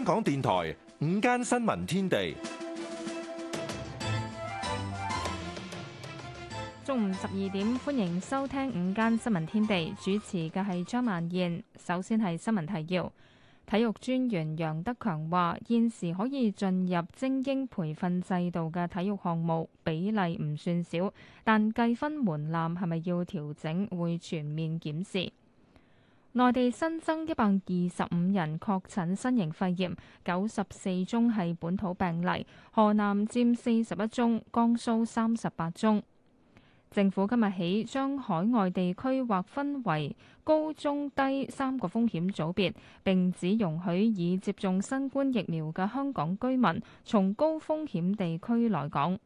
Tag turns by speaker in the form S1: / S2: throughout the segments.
S1: 香港電台午間新聞天地，
S2: 中午十二點。歡迎收聽午間新聞天地，主持嘅係張曼燕。首先係新聞提要，體育專員楊德強話，現時可以進入精英培訓制度嘅體育項目比例唔算少，但計分門檻係咪要調整，會全面檢視。內地新增一百二十五人確診新型肺炎，九十四宗係本土病例，河南佔四十一宗，江蘇三十八宗。政府今日起將海外地區劃分為高、中、低三個風險組別，並只容許已接種新冠疫苗嘅香港居民從高風險地區來港。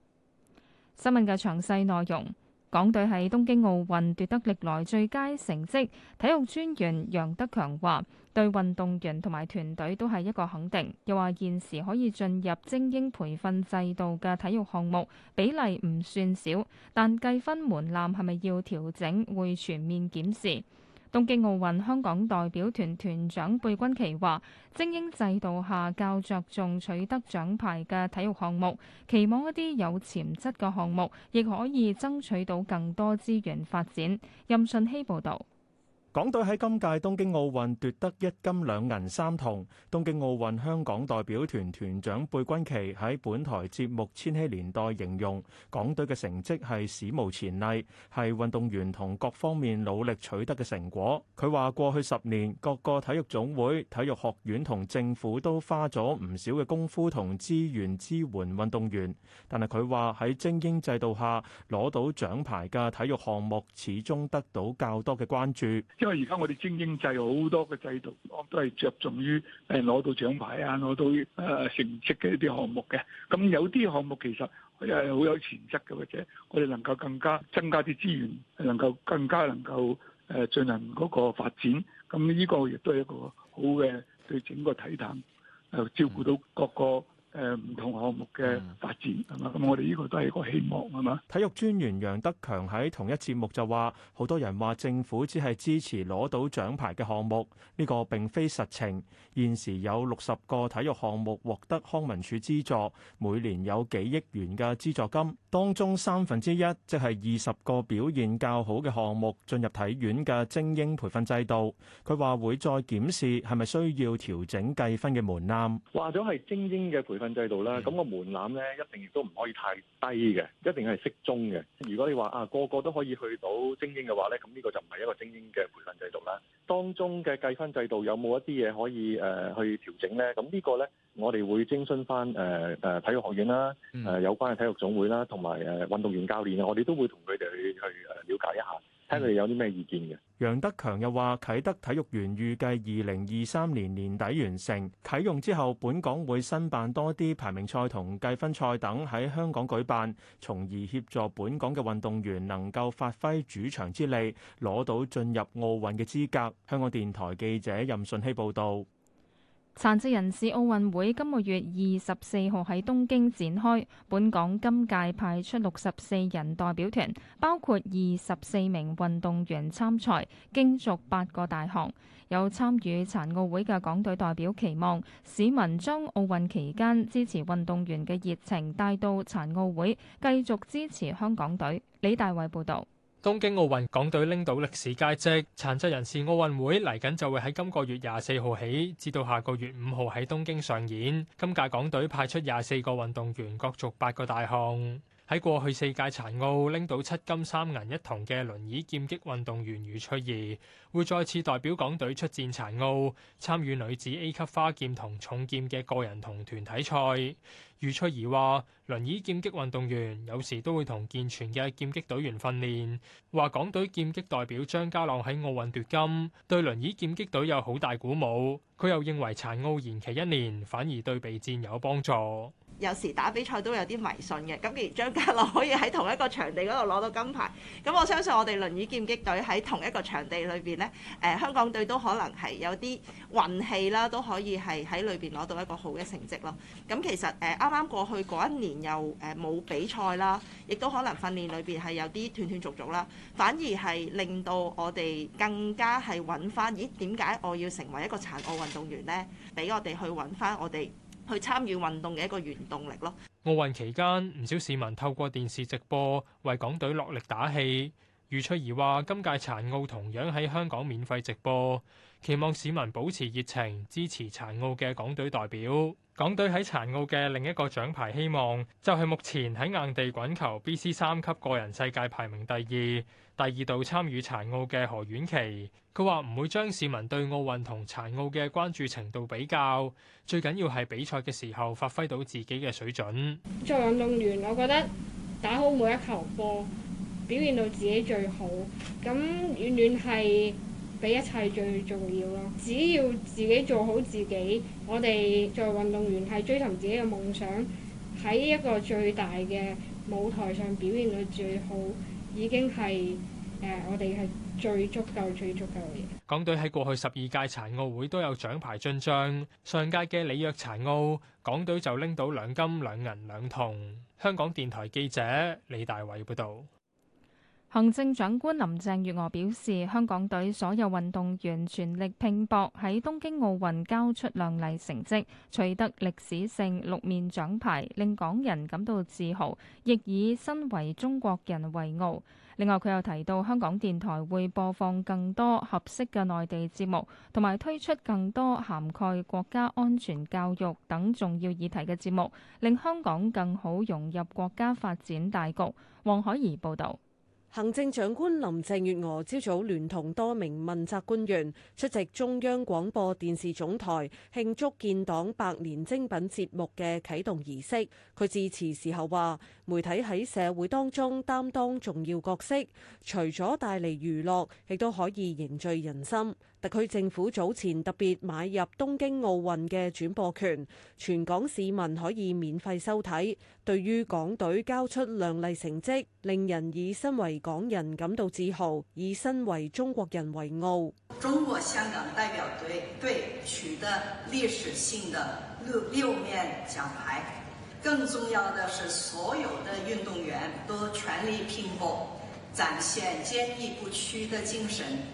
S2: 新聞嘅詳細內容。港隊喺東京奧運奪得歷來最佳成績，體育專員楊德強話：對運動員同埋團隊都係一個肯定。又話現時可以進入精英培訓制度嘅體育項目比例唔算少，但計分門檻係咪要調整，會全面檢視。東京奧運香港代表團團長貝君琪話：精英制度下較着重取得獎牌嘅體育項目，期望一啲有潛質嘅項目亦可以爭取到更多資源發展。任信希報導。
S1: 港隊喺今屆東京奧運奪得一金兩銀三銅。東京奧運香港代表團團長貝君琦喺本台節目《千禧年代》形容，港隊嘅成績係史無前例，係運動員同各方面努力取得嘅成果。佢話過去十年，各個體育總會、體育學院同政府都花咗唔少嘅功夫同資源支援運動員。但係佢話喺精英制度下，攞到獎牌嘅體育項目始終得到較多嘅關注。因為而
S3: 家我哋精英制好多嘅制度，我都係着重於誒攞到獎牌啊，攞到
S4: 誒成績嘅一啲項目
S3: 嘅。咁有啲項目其實係好有潛質嘅，或者我哋能夠更加增加啲資源，能夠更加能夠誒進行嗰個發展。咁呢個亦都係一個好嘅對整個體壇又照顧
S1: 到各個。誒唔同項目嘅發展係嘛？咁我哋呢個都係一個希望係嘛？體育專員楊德強喺同一節目就話：好多人話政府只係支持攞到獎牌嘅項目，呢個並非實情。現時有六十個體育項目獲得康文署資助，每年有幾億元嘅資助金。當中三分之一即係二十個表現較好嘅項目進入體院嘅精英培訓制度。佢話會再檢視係咪需要調整計分嘅門檻。
S5: 話咗係精英嘅培訓。制度啦，咁 個樂、嗯、門檻咧一定亦都唔可以太低嘅，一定係適中嘅。如果你話啊個個都可以去到精英嘅話咧，咁呢個就唔係一個精英嘅培訓制度啦。當中嘅計分制度有冇一啲嘢可以誒、呃、去調整咧？咁、啊，這個、呢個咧，我哋會徵詢翻誒誒體育學院啦，誒、呃、有關嘅體育總會啦，同埋誒運動員教練啊，我哋都會同佢哋去去誒了解一下。睇下佢有啲咩意見嘅。
S1: 楊德強又話：啟德體育園預計二零二三年年底完成啟用之後，本港會申辦多啲排名賽同計分賽等喺香港舉辦，從而協助本港嘅運動員能夠發揮主場之利，攞到進入奧運嘅資格。香港電台記者任順希報導。
S2: 殘疾人士奧運會今個月二十四號喺東京展開，本港今屆派出六十四人代表團，包括二十四名運動員參賽，競逐八個大項。有參與殘奧會嘅港隊代表期望市民將奧運期間支持運動員嘅熱情帶到殘奧會，繼續支持香港隊。李大偉報導。
S6: 東京奧運，港隊拎到歷史佳績。殘疾人士奧運會嚟緊就會喺今個月廿四號起，至到下個月五號喺東京上演。今屆港隊派出廿四個運動員，角逐八個大項。喺過去四屆殘奧拎到七金三銀一銅嘅輪椅劍擊運動員余翠怡，會再次代表港隊出戰殘奧，參與女子 A 級花劍同重劍嘅個人同團體賽。余翠怡話：輪椅劍擊運動員有時都會同健全嘅劍擊隊員訓練。話港隊劍擊代表張家朗喺奧運奪金，對輪椅劍擊隊有好大鼓舞。佢又認為殘奧延期一年，反而對備戰有幫助。
S7: 有時打比賽都有啲迷信嘅，咁既然張家樂可以喺同一個場地嗰度攞到金牌，咁我相信我哋輪椅劍擊隊喺同一個場地裏邊呢，誒、呃、香港隊都可能係有啲運氣啦，都可以係喺裏邊攞到一個好嘅成績咯。咁其實誒啱啱過去嗰一年又誒冇、呃、比賽啦，亦都可能訓練裏邊係有啲斷斷續續啦，反而係令到我哋更加係揾翻，咦點解我要成為一個殘奧運動員呢？俾我哋去揾翻我哋。去參與運動嘅一個原動力
S6: 咯。奧運期間，唔少市民透過電視直播為港隊落力打氣。余翠怡話：今屆殘奧同樣喺香港免費直播，期望市民保持熱情支持殘奧嘅港隊代表。港隊喺殘奧嘅另一個獎牌希望，就係目前喺硬地滾球 BC 三級個人世界排名第二。第二度參與殘奧嘅何婉琪，佢話唔會將市民對奧運同殘奧嘅關注程度比較，最緊要係比賽嘅時候發揮到自己嘅水準。
S2: 作為運動員，我覺得打好每一球波，表現到自己最好，咁遠遠係比一切最重要咯。只要自己做好自己，我哋作為運動員係追尋自己嘅夢想，喺一個最大嘅舞台上表現到最好。已經係誒，我哋係最足夠、最足夠嘅。
S6: 港隊喺過去十二屆殘奧會都有獎牌進帳，上屆嘅里約殘奧，港隊就拎到兩金兩銀兩銅。香港電台記者李大偉報導。
S2: 行政長官林鄭月娥表示，香港隊所有運動員全力拼搏喺東京奧運交出亮麗成績，取得歷史性六面獎牌，令港人感到自豪，亦以身為中國人為傲。另外，佢又提到，香港電台會播放更多合適嘅內地節目，同埋推出更多涵蓋國家安全教育等重要議題嘅節目，令香港更好融入國家發展大局。黃
S8: 海怡報導。行政長官林鄭月娥朝早聯同多名問責官員出席中央廣播電視總台慶祝建黨百年精品節目嘅啟動儀式。佢致辭時候話：媒體喺社會當中擔當重要角色，除咗帶嚟娛樂，亦都可以凝聚人心。特區政府早前特別買入東京奧運嘅轉播權，全港市民可以免費收睇。對於港隊交出亮麗成績，令人以身為港人感到自豪，以身為中國人為傲。中國香港代表隊隊取得歷史性的六六面獎牌，更重要的是，所有的運動員都全力拼搏，展現堅毅不屈的精神。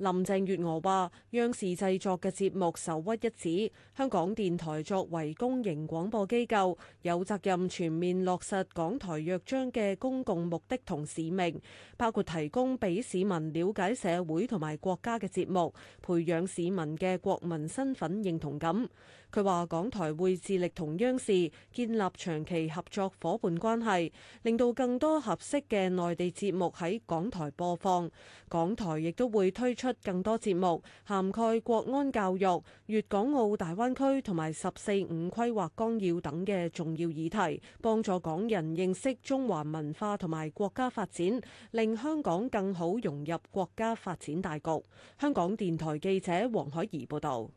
S8: 林鄭月娥話，央視製作嘅節目首屈一指，香港電台作為公營廣播機構，有責任全面落實港台約章嘅公共目的同使命，包括提供俾市民了解社會同埋國家嘅節目，培養市民嘅國民身份認同感。佢話：港台會致力同央視建立長期合作夥伴關係，令到更多合適嘅內地節目喺港台播放。港台亦都會推出更多節目，涵蓋國安教育、粵港澳大灣區同埋十四五規劃綱，綱要等嘅重要議題，幫助港人認識中華文化同埋國家發展，令香港更好融入國家發展大局。香港電台記者黃海怡報導。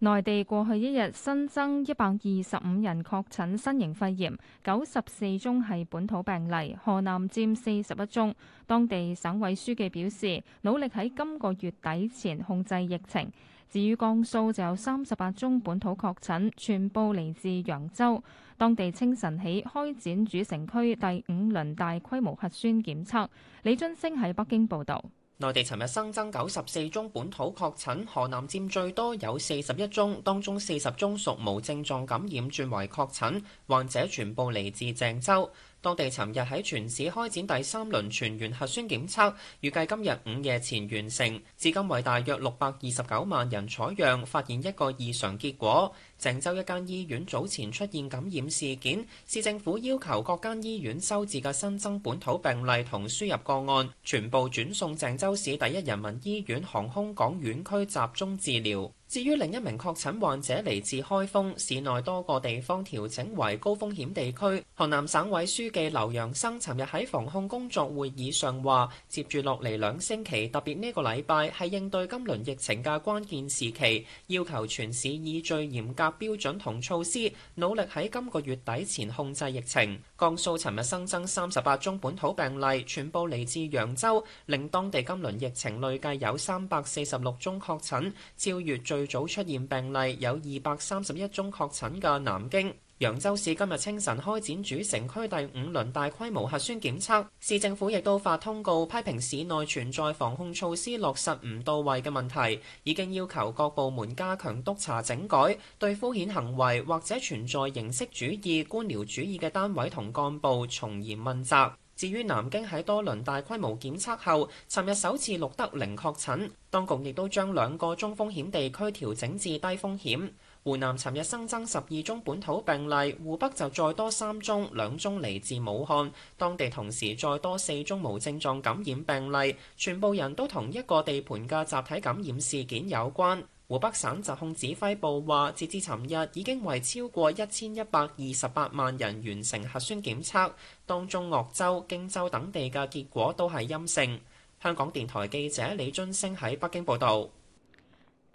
S2: 內地過去一日新增一百二十五人確診新型肺炎，九十四宗係本土病例，河南佔四十一宗。當地省委書記表示，努力喺今個月底前控制疫情。至於江蘇就有三十八宗本土確診，全部嚟自揚州。當地清晨起開展主城區第五輪大規模核酸檢測。李津星喺北京報導。
S4: 內地尋日新增九十四宗本土確診，河南佔最多，有四十一宗，當中四十宗屬無症狀感染轉為確診，患者全部嚟自鄭州。當地尋日喺全市開展第三輪全員核酸檢測，預計今日午夜前完成。至今為大約六百二十九萬人採樣，發現一個異常結果。鄭州一間醫院早前出現感染事件，市政府要求各間醫院收治嘅新增本土病例同輸入個案，全部轉送鄭州市第一人民醫院航空港院區集中治療。至於另一名確診患者嚟自開封，市內多個地方調整為高風險地區，河南省委書記劉揚生尋日喺防控工作會議上話，接住落嚟兩星期，特別呢個禮拜係應對今輪疫情嘅關鍵時期，要求全市以最嚴格標準同措施，努力喺今個月底前控制疫情。江蘇尋日新增三十八宗本土病例，全部嚟自揚州，令當地今輪疫情累計有三百四十六宗確診，超越最早出現病例有二百三十一宗確診嘅南京。揚州市今日清晨開展主城區第五輪大規模核酸檢測，市政府亦都發通告，批評市內存在防控措施落實唔到位嘅問題，已經要求各部門加強督察整改，對敷衍行為或者存在形式主義、官僚主義嘅單位同幹部從嚴問責。至於南京喺多輪大規模檢測後，尋日首次錄得零確診，當局亦都將兩個中風險地區調整至低風險。湖南尋日新增十二宗本土病例，湖北就再多三宗，兩宗嚟自武漢，當地同時再多四宗無症狀感染病例，全部人都同一個地盤嘅集體感染事件有關。湖北省疾控指揮部話，截至尋日已經為超過一千一百二十八萬人完成核酸檢測，當中鄂州、荊州等地嘅結果都係陰性。香港電台記者李津升喺北京報道。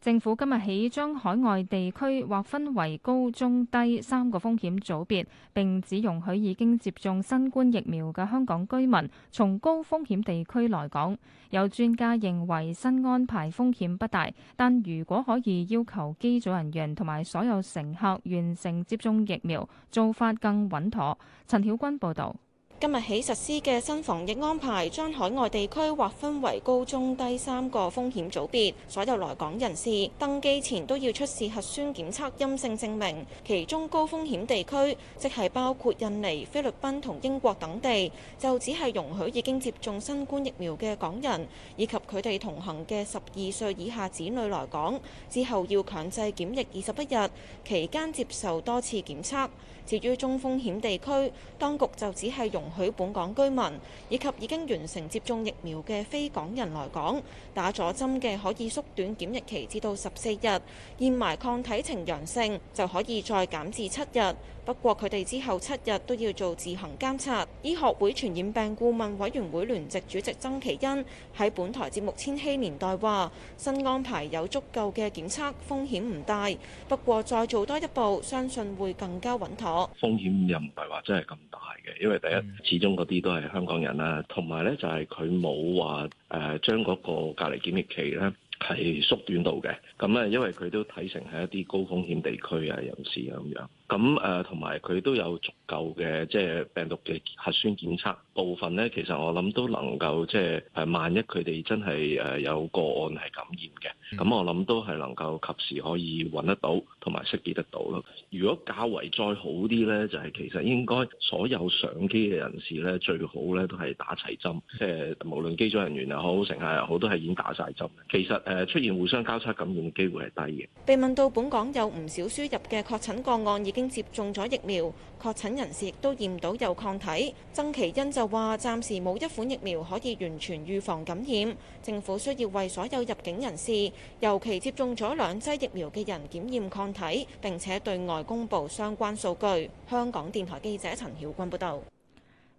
S2: 政府今日起將海外地區劃分為高、中、低三個風險組別，並只容許已經接種新冠疫苗嘅香港居民從高風險地區來港。有專家認為新安排風險不大，但如果可以要求機組人員同埋所有乘客完成接種疫苗，做法更穩妥。陳曉君報導。
S7: 今日起實施嘅新防疫安排，將海外地區劃分為高、中、低三個風險組別。所有來港人士登機前都要出示核酸檢測陰性證明。其中高風險地區，即係包括印尼、菲律賓同英國等地，就只係容許已經接種新冠疫苗嘅港人以及佢哋同行嘅十二歲以下子女來港，之後要強制檢疫二十一日，期間接受多次檢測。至於中風險地區，當局就只係容許本港居民以及已經完成接種疫苗嘅非港人來港，打咗針嘅可以縮短檢疫期至到十四日，驗埋抗體呈陽性就可以再減至七日。不過佢哋之後七日都要做自行監察。醫學會傳染病顧問委員會聯席主席曾其恩喺本台節目《千禧年代》話：新安排有足夠嘅檢測，風險唔大。不過再做多一步，相信會更加穩妥。
S1: 風險又唔係話真係咁大
S5: 嘅，因為第一始終嗰啲都係香港人啦，同埋咧就係佢冇話誒將嗰個隔離檢疫期咧係縮短到嘅。咁咧因為佢都睇成係一啲高風險地區啊人士咁樣。咁誒，同埋佢都有足夠嘅即係病毒嘅核酸檢測部分呢，其實我諗都能夠，即係萬一佢哋真係誒有個案係感染嘅，咁我諗都係能夠及時可以搵得到同埋識別得到咯。如果較為再好啲呢，就係、是、其實應該所有上機嘅人士呢，最好呢都係打齊針，即、就、係、是、無論機組人員又好，乘客又好，都係已經打晒針，其實誒出現互相交叉感染嘅機會係低嘅。
S7: 被問到本港有唔少輸入嘅確診個案，已經已經接種咗疫苗，確診人士亦都驗到有抗體。曾奇欣就話：暫時冇一款疫苗可以完全預防感染，政府需要為所有入境人士，尤其接種咗兩劑疫苗嘅人檢驗抗體，並且對外公布相關數據。香港電台記者陳曉君報道。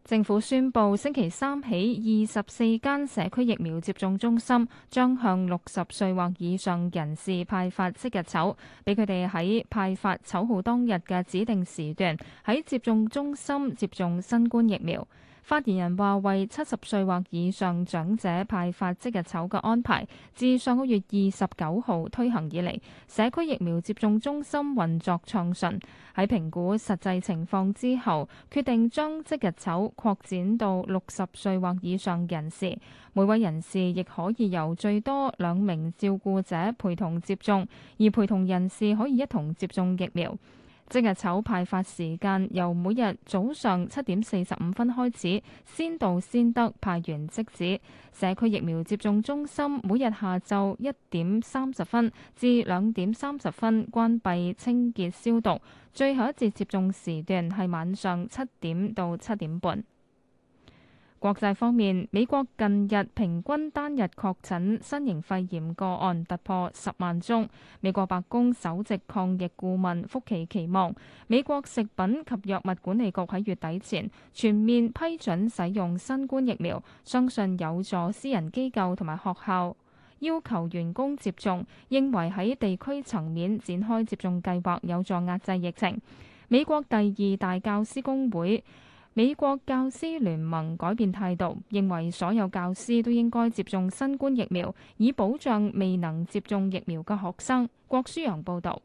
S2: 政府宣布，星期三起，二十四間社區疫苗接種中心將向六十歲或以上人士派發即日籌，俾佢哋喺派發籌號當日嘅指定時段喺接種中心接種新冠疫苗。發言人話：為七十歲或以上長者派發即日籌嘅安排，自上個月二十九號推行以嚟，社區疫苗接種中心運作暢順。喺評估實際情況之後，決定將即日籌擴展到六十歲或以上人士。每位人士亦可以由最多兩名照顧者陪同接種，而陪同人士可以一同接種疫苗。即日籌派發時間由每日早上七點四十五分開始，先到先得，派完即止。社區疫苗接種中心每日下晝一點三十分至兩點三十分關閉清潔消毒，最後一節接種時段係晚上七點到七點半。國際方面，美國近日平均單日確診新型肺炎個案突破十萬宗。美國白宮首席抗疫顧問福奇期望美國食品及藥物管理局喺月底前全面批准使用新冠疫苗，相信有助私人機構同埋學校要求員工接種，認為喺地區層面展開接種計劃有助壓制疫情。美國第二大教師工會，美國教師聯盟改變態度，認為所有教師都應該接種新冠疫苗，以保障未能接種疫苗嘅學生。郭舒陽報道。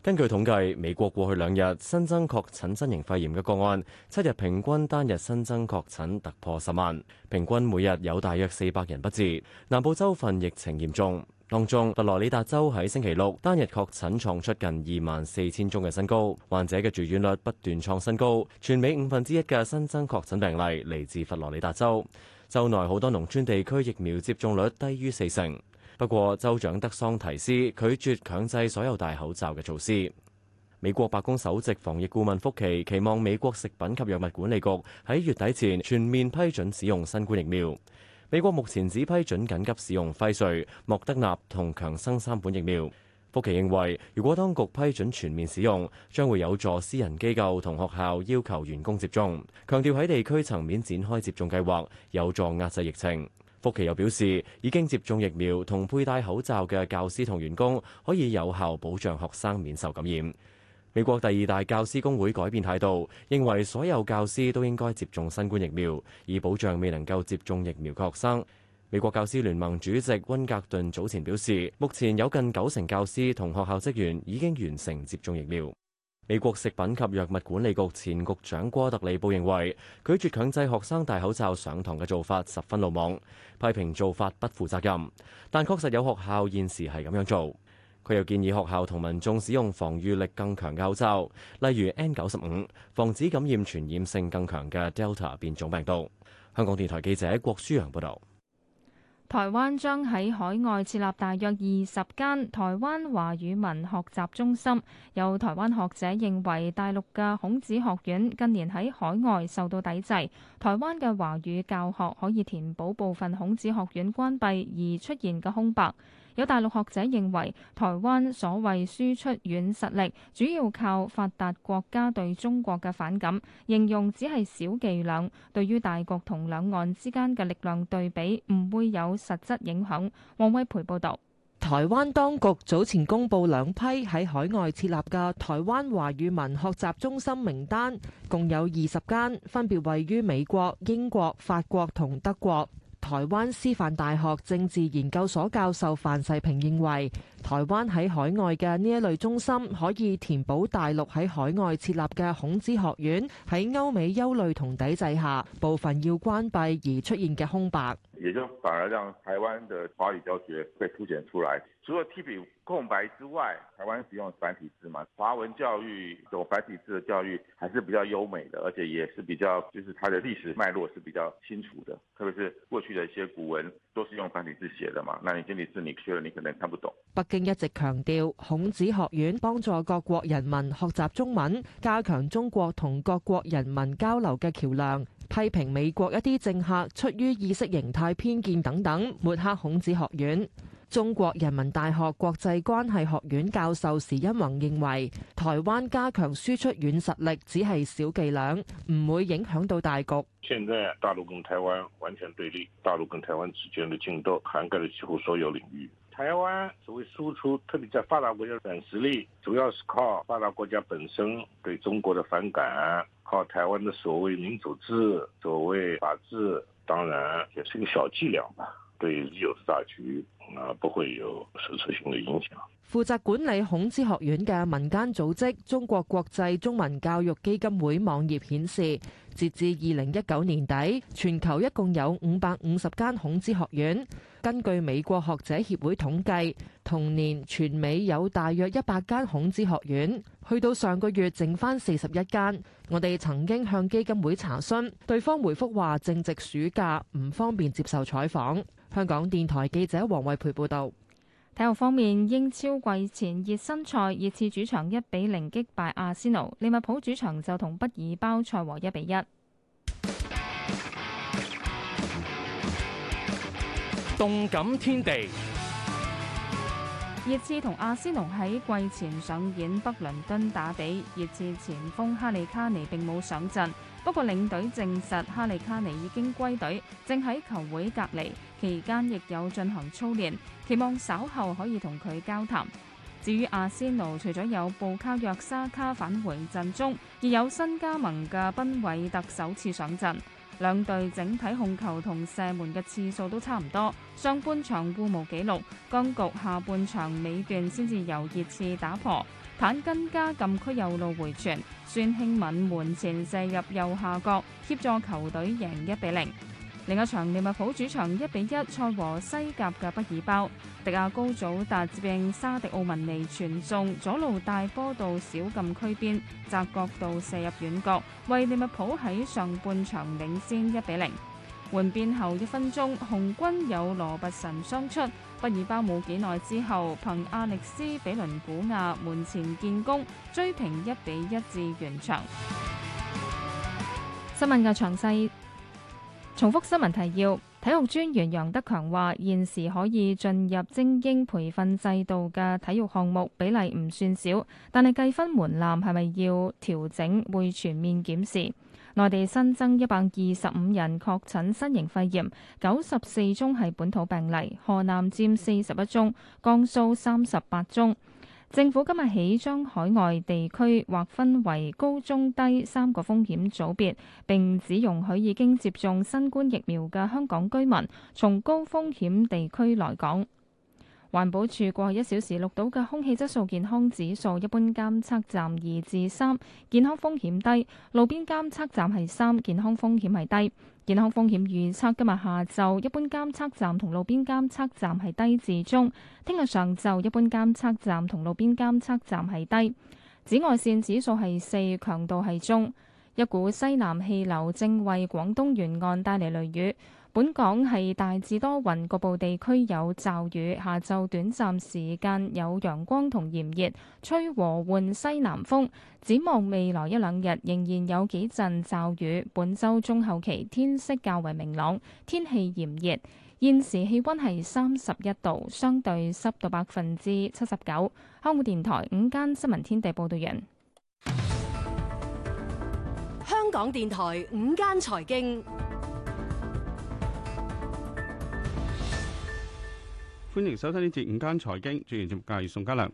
S9: 根據統計，美國過去兩日新增確診新型肺炎嘅個案，七日平均單日新增確診突破十萬，平均每日有大約四百人不治。南部州份疫情嚴重。當中，佛羅里達州喺星期六單日確診創出近二萬四千宗嘅新高，患者嘅住院率不斷創新高。全美五分之一嘅新增確診病例嚟自佛羅里達州，州內好多農村地區疫苗接種率低於四成。不過，州長德桑提斯拒絕強制所有戴口罩嘅措施。美國白宮首席防疫顧問福奇期望美國食品及藥物管理局喺月底前全面批准使用新冠疫苗。美國目前只批准緊急使用輝瑞、莫德納同強生三款疫苗。福奇認為，如果當局批准全面使用，將會有助私人機構同學校要求員工接種，強調喺地區層面展開接種計劃有助壓制疫情。福奇又表示，已經接種疫苗同佩戴口罩嘅教師同員工，可以有效保障學生免受感染。美國第二大教師工會改變態度，認為所有教師都應該接種新冠疫苗，以保障未能夠接種疫苗嘅學生。美國教師聯盟主席温格頓早前表示，目前有近九成教師同學校職員已經完成接種疫苗。美國食品及藥物管理局前局長郭特里布認為，拒絕強制學生戴口罩上堂嘅做法十分魯莽，批評做法不負責任，但確實有學校現時係咁樣做。佢又建議學校同民眾使用防禦力更強嘅口罩，例如 N 九十五，防止感染傳染性更強嘅 Delta 變種病毒。香港電台記者郭舒揚報導。
S2: 台灣將喺海外設立大約二十間台灣華語文學習中心。有台灣學者認為，大陸嘅孔子學院近年喺海外受到抵制，台灣嘅華語教學可以填補部分孔子學院關閉而出現嘅空白。有大陸學者認為，台灣所謂輸出軟實力，主要靠發達國家對中國嘅反感，形容只係小伎倆，對於大國同兩岸之間嘅力量對比唔會有實質影響。王威培報導，
S10: 台灣當局早前公布兩批喺海外設立嘅台灣華語文學習中心名單，共有二十間，分別位於美國、英國、法國同德國。臺灣師範大學政治研究所教授范世平認為，台灣喺海外嘅呢一類中心，可以填補大陸喺海外設立嘅孔子學院喺歐美憂慮同抵制下部分要關閉而出現嘅空白。
S6: 也就反而讓台灣
S5: 的華語教學會凸顯出來，除了填補空白之外，台灣使用繁體字嘛，華文教育用繁體字的教育還是比較優美的，而且也是比較就是它的歷史脈絡是比較清楚的，特別是過去的一些古文都是用繁體字寫的嘛，那你簡體字你去了你可能看不懂。
S10: 北京一直強調孔子學院幫助各國人民學習中文，加強中國同各國人民交流嘅橋梁。批評美國一啲政客出於意識形態偏見等等，抹黑孔子學院。中國人民大學國際關係學院教授時殷弘認為，台灣加強輸出軟實力只係小伎倆，唔會影響到大局。
S5: 現在大陸跟台灣完全對立，大陸跟台灣之間的競爭涵蓋了幾乎所有領域。台灣所謂輸出，特別在發達國家軟實力，主要是靠發達國家本身對中國的反感。靠台灣的所謂民主制、所謂法治，當然也是一個小伎倆吧。對歷史大局，啊，不會有實質性嘅影響。
S10: 負責管理孔子學院嘅民間組織中國國際中文教育基金會網頁顯示，截至二零一九年底，全球一共有五百五十間孔子學院。根據美國學者協會統計，同年全美有大約一百間孔子學院。去到上個月剩翻四十一間。我哋曾經向基金會查詢，對方回覆話正值暑假，唔方便接受採訪。香港電台記者黃慧培報導。
S2: 體育方面，英超季前熱身賽，熱刺主場一比零擊敗阿仙奴，利物浦主場就同畢爾包賽和一比一。
S6: 動感天地。
S2: 熱刺同阿仙奴喺季前上演北倫敦打比，熱刺前鋒哈利卡尼並冇上陣。不過領隊證實哈利卡尼已經歸隊，正喺球會隔離期間，亦有進行操練，期望稍後可以同佢交談。至於阿仙奴，除咗有布卡約沙卡返回陣中，亦有新加盟嘅賓偉特首次上陣。兩隊整體控球同射門嘅次數都差唔多，上半場互無紀錄，僵局下半場尾段先至由熱刺打破，坦根加禁區右路回傳，孫興慜門前射入右下角，協助球隊贏一比零。另一場利物浦主場一比一賽和西甲嘅畢爾包，迪亞高祖達接應沙迪奧文尼傳中，左路大波到小禁區邊，窄角度射入遠角，為利物浦喺上半場領先一比零。換邊後一分鐘，紅軍有羅拔臣雙出，畢爾包冇幾耐之後，憑阿力斯比倫古亞門前建功，追平一比一至完場。新聞嘅詳細。重複新聞提要。體育專員楊德強話，現時可以進入精英培訓制度嘅體育項目比例唔算少，但係計分門檻係咪要調整，會全面檢視。內地新增一百二十五人確診新型肺炎，九十四宗係本土病例，河南佔四十一宗，江蘇三十八宗。政府今日起將海外地區劃分為高、中、低三個風險組別，並只容許已經接種新冠疫苗嘅香港居民從高風險地區來港。環保署過去一小時錄到嘅空氣質素健康指數，一般監測站二至三，健康風險低；路邊監測站係三，健康風險係低。健康風險預測今日下晝一般監測站同路邊監測站係低至中，聽日上晝一般監測站同路邊監測站係低，紫外線指數係四，強度係中，一股西南氣流正為廣東沿岸帶嚟雷雨。本港係大致多雲，局部地區有驟雨。下晝短暫時間有陽光同炎熱，吹和緩西南風。展望未來一兩日仍然有幾陣驟雨。本周中後期天色較為明朗，天氣炎熱。現時氣溫係三十一度，相對濕度百分之七十九。香港電台午間新聞天地報道完。
S8: 香港電台午間財經。
S3: 歡迎收聽呢節午間財經，主持節目嘅係宋嘉良。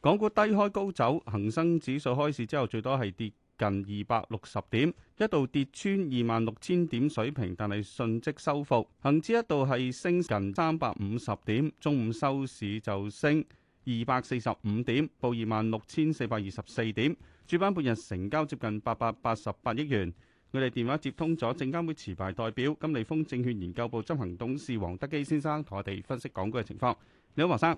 S3: 港股低開高走，恒生指數開市之後最多係跌近二百六十點，一度跌穿二萬六千點水平，但係迅即收復。恒指一度係升近三百五十點，中午收市就升二百四十五點，報二萬六千四百二十四點。主板半日成交接近八百八十八億元。我哋電話接通咗證監會持牌代表金利豐證券研究部執行董事黃德基先生，同我哋分析港股嘅情況。你好，黃生。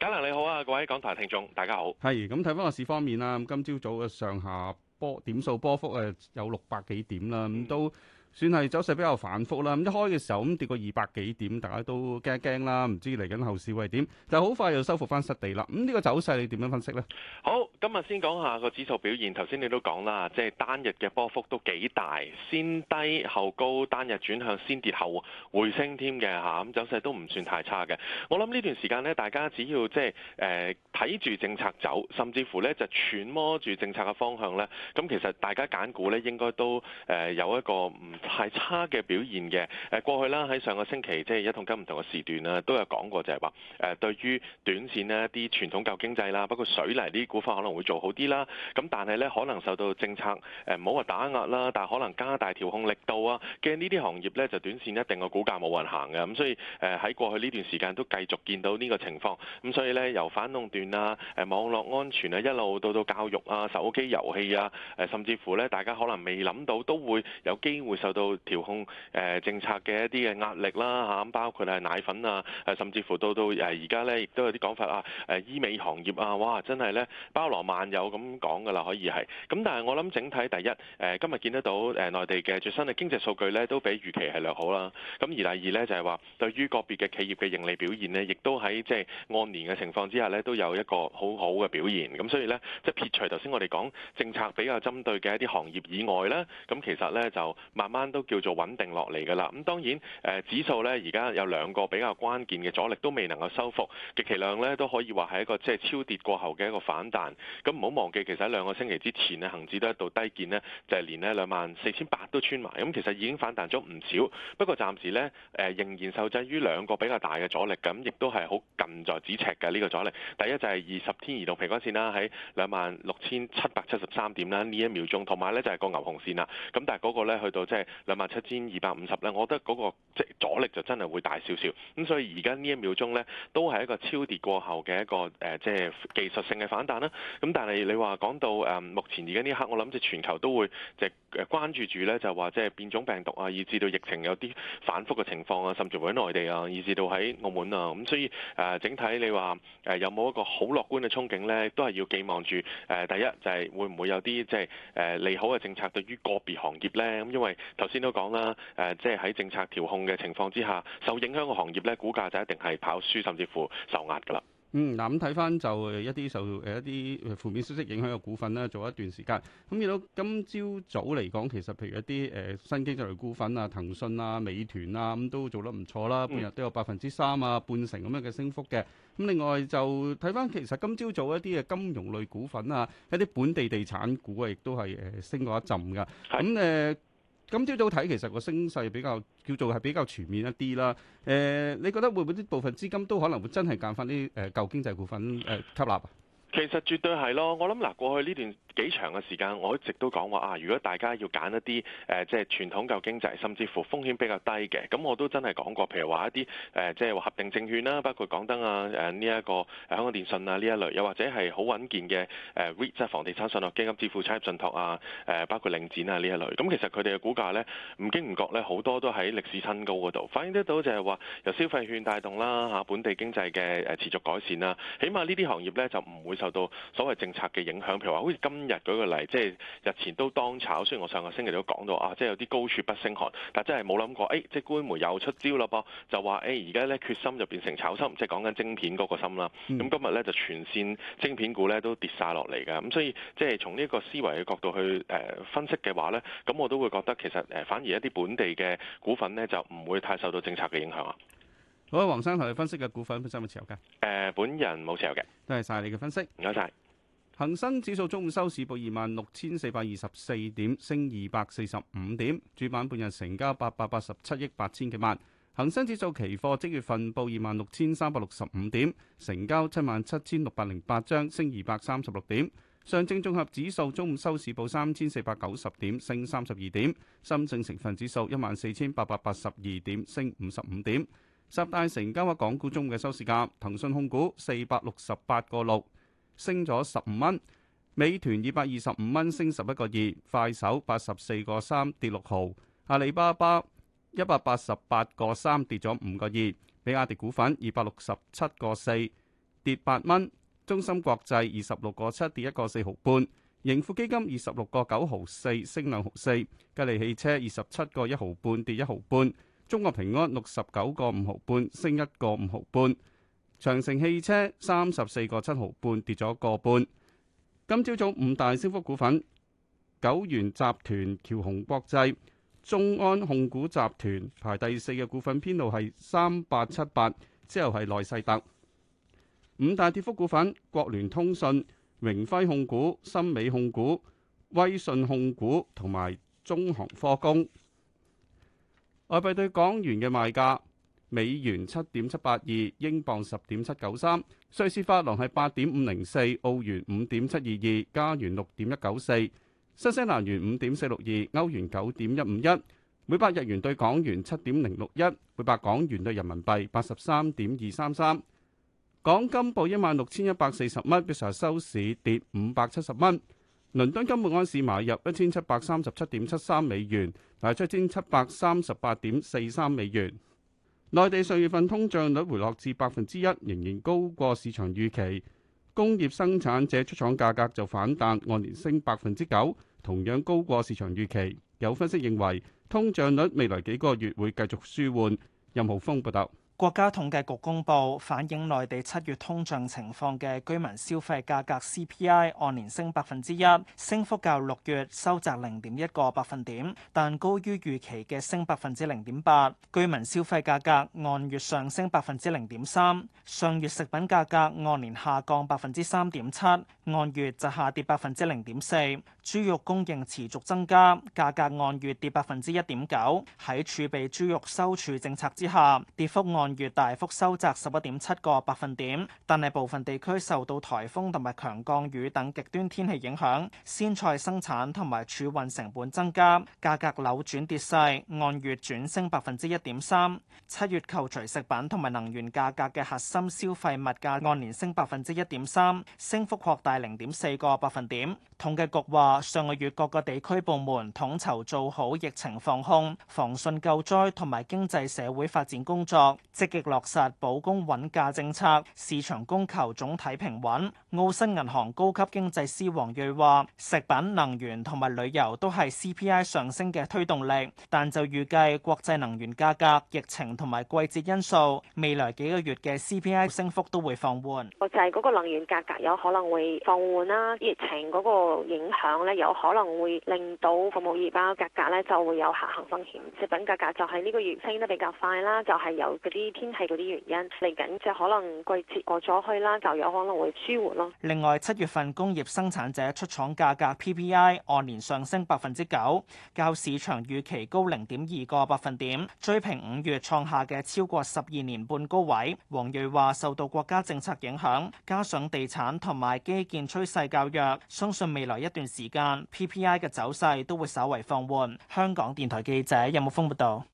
S5: 簡良，你好啊，各位港台聽眾，大家好。
S3: 係咁睇返個市方面啦，咁今朝早嘅上下波點數波幅誒有六百幾點啦，咁都。算係走勢比較反覆啦，咁一開嘅時候咁、嗯、跌過二百幾點，大家都驚一驚啦，唔知嚟緊後市會係點，就好快又收復翻失地啦。咁、嗯、呢、這個走勢你點樣分析呢？
S5: 好，今日先講下個指數表現。頭先你都講啦，即、就、係、是、單日嘅波幅都幾大，先低後高，單日轉向先跌後回升，添嘅嚇。咁走勢都唔算太差嘅。我諗呢段時間呢，大家只要即係誒睇住政策走，甚至乎呢就揣摩住政策嘅方向呢。咁、嗯、其實大家揀股呢，應該都誒、呃呃、有一個唔。太差嘅表現嘅，誒過去啦喺上個星期即係一同跟唔同嘅時段啦，都有講過就係話誒對於短線呢啲傳統舊經濟啦，包括水泥啲股份可能會做好啲啦。咁但係呢，可能受到政策誒唔好話打壓啦，但係可能加大調控力度啊嘅呢啲行業呢，就短線一定個股價冇運行嘅。咁所以誒喺過去呢段時間都繼續見到呢個情況。咁所以呢，由反壟斷啊、誒網絡安全啊一路到到教育啊、手機遊戲啊、誒甚至乎呢，大家可能未諗到都會有機會受到調控誒政策嘅一啲嘅壓力啦嚇，包括咧奶粉啊，甚至乎到到誒而家咧，亦都有啲講法啊誒醫美行業啊，哇！真係咧包羅萬有咁講噶啦，可以係咁但係我諗整體第一誒，今日見得到誒內地嘅最新嘅經濟數據咧，都比預期係良好啦。咁而第二咧就係話對於個別嘅企業嘅盈利表現咧，亦都喺即係按年嘅情況之下咧，都有一個好好嘅表現，咁所以咧，即係撇除頭先我哋講政策比較針對嘅一啲行業以外咧，咁其實咧就慢慢。都叫做穩定落嚟㗎啦，咁當然誒、呃、指數呢而家有兩個比較關鍵嘅阻力都未能夠收復，極其量呢都可以話係一個即係超跌過後嘅一個反彈。咁唔好忘記，其實喺兩個星期之前啊，恆指都喺度低見呢，就係、是、連呢兩萬四千八都穿埋，咁、嗯、其實已經反彈咗唔少。不過暫時呢誒、呃、仍然受制於兩個比較大嘅阻力，咁、嗯、亦都係好近在咫尺嘅呢、這個阻力。第一就係二十天移動平均線啦，喺兩萬六千七百七十三點啦，呢一秒鐘，同埋呢就係個牛熊線啦。咁但係嗰個呢去到即係。兩萬七千二百五十咧，27, 250, 我覺得嗰個即阻力就真係會大少少。咁所以而家呢一秒鐘咧，都係一個超跌過後嘅一個誒，即、呃呃、技術性嘅反彈啦。咁但係你話講到誒，目前而家呢刻，我諗住全球都會即誒關注住咧，就話即變種病毒啊，以至到疫情有啲反覆嘅情況啊，甚至會喺內地啊，以至到喺澳門啊。咁、呃、所以誒整體你話誒、呃、有冇一個好樂觀嘅憧憬咧，都係要寄望住誒、呃、第一就係、是、會唔會有啲即誒利好嘅政策對於個別行業咧咁，因為頭先都講啦，誒，即係喺政策調控嘅情況之下，受影響嘅行業咧，股價就一定係跑輸，甚至乎受壓噶啦。嗯，
S3: 嗱咁睇翻就一啲受誒一啲負面消息影響嘅股份咧，做一段時間。咁見到今朝早嚟講，其實譬如一啲誒、呃、新經濟類股份啊，騰訊啊、美團啊，咁都做得唔錯啦，半日都有百分之三啊，半成咁樣嘅升幅嘅。咁另外就睇翻，其實今朝早一啲嘅金融類股份啊，一啲本地地產股啊，亦都係誒升過一陣噶。咁誒的。今朝早睇，其實個升勢比較叫做係比較全面一啲啦。誒、呃，你覺得會唔會啲部分資金都可能會真係揀翻啲誒舊經濟股份誒吸納？
S5: 其實絕對係咯，我諗嗱，過去呢段幾長嘅時間，我一直都講話啊，如果大家要揀一啲誒、呃，即係傳統舊經濟，甚至乎風險比較低嘅，咁我都真係講過，譬如話一啲誒、呃，即係話合訂證券啦，包括港燈啊，誒呢一個香港電信啊呢一類，又或者係好穩健嘅誒 REITs 即係房地產信託、基金支付產業信託啊，誒包括領展啊呢一類，咁、嗯、其實佢哋嘅股價呢，唔經唔覺呢，好多都喺歷史新高嗰度，反映得到就係話由消費券帶動啦，嚇、啊、本地經濟嘅持續改善啦，起碼呢啲行業呢，就唔會受受到所謂政策嘅影響，譬如話好似今日舉個例，即係日前都當炒。雖然我上個星期都講到啊，即係有啲高處不勝寒，但真係冇諗過，誒、哎，即係官媒又出招啦噃，就話誒而家咧決心就變成炒心，即係講緊晶片嗰個心啦。咁、嗯、今日咧就全線晶片股咧都跌晒落嚟嘅。咁所以即係從呢個思維嘅角度去誒分析嘅話咧，咁我都會覺得其實誒反而一啲本地嘅股份咧就唔會太受到政策嘅影響啊。
S3: 好，王生同你分析嘅股份，本身有冇持有嘅？
S5: 誒、呃，本人冇持有嘅。
S3: 多謝晒你嘅分析，唔該晒。恒生指數中午收市報二萬六千四百二十四點，升二百四十五點。主板半日成交八百八十七億八千幾萬。恒生指數期貨即月份報二萬六千三百六十五點，成交七萬七千六百零八張，升二百三十六點。上證綜合指數中午收市報三千四百九十點，升三十二點。深證成分指數一萬四千八百八十二點，升五十五點。十大成交額港股中嘅收市價，騰訊控股四百六十八個六，升咗十五蚊；美團二百二十五蚊，升十一個二；快手八十四個三，跌六毫；阿里巴巴一百八十八個三，跌咗五個二；比亞迪股份二百六十七個四，跌八蚊；中芯國際二十六個七，跌一個四毫半；盈富基金二十六個九毫四，升兩毫四；吉利汽車二十七個一毫半，跌一毫半。中國平安六十九個五毫半，升一個五毫半；長城汽車三十四個七毫半，跌咗個半。今朝早五大升幅股份：九元集團、僑鴻國際、中安控股集團。排第四嘅股份，編號係三八七八，之後係內世達。五大跌幅股份：國聯通訊、榮輝控股、森美控股、威信控股同埋中航科工。外幣對港元嘅賣價，美元七點七八二，英鎊十點七九三，瑞士法郎係八點五零四，澳元五點七二二，加元六點一九四，新西蘭元五點四六二，歐元九點一五一，每百日元對港元七點零六一，每百港元對人民幣八十三點二三三。港金報一萬六千一百四十蚊，比上日收市跌五百七十蚊。倫敦金每安士買入一千七百三十七點七三美元，賣出一千七百三十八點四三美元。內地上月份通脹率回落至百分之一，仍然高過市場預期。工業生產者出廠價格就反彈，按年升百分之九，同樣高過市場預期。有分析認為，通脹率未來幾個月會繼續舒緩。任浩峯報導。
S11: 國家統計局公布反映內地七月通脹情況嘅居民消費價格 CPI 按年升百分之一，升幅較六月收窄零點一個百分點，但高於預期嘅升百分之零點八。居民消費價格按月上升百分之零點三，上月食品價格按年下降百分之三點七，按月就下跌百分之零點四。豬肉供應持續增加，價格按月跌百分之一點九。喺儲備豬肉收儲政策之下，跌幅按按月大幅收窄十一點七個百分點，但係部分地區受到台風同埋強降雨等極端天氣影響，鮮菜生產同埋儲運成本增加，價格扭轉跌勢，按月轉升百分之一點三，七月扣除食品同埋能源價格嘅核心消費物價按年升百分之一點三，升幅擴大零點四個百分點。統計局話上個月各個地區部門統籌做好疫情防控、防汛救災同埋經濟社會發展工作，積極落實保供穩價政策，市場供求總體平穩。澳新銀行高級經濟師黃瑞話，食品、能源同埋旅遊都係 CPI 上升嘅推動力，但就預計國際能源價格、疫情同埋季節因素，未來幾個月嘅 CPI 升幅都會放緩。
S10: 就係嗰個能源價格有可能會放緩啦，啊，疫情、嗰個。影響咧，有可能會令到服務業包價格咧就會有下行風險。食品價格就喺呢個月升得比較快啦，就係有嗰啲天氣嗰啲原因嚟緊，就可能季節過咗去啦，就有可能會舒緩
S11: 咯。另外，七月份工業生產者出廠價格 PPI 按年上升百分之九，較市場預期高零點二個百分點，追平五月創下嘅超過十二年半高位。王瑞話受到國家政策影響，加上地產同埋基建趨勢較弱，相信，未來一段時間，PPI 嘅走勢都會稍為放緩。香港電台記者任木峯報道。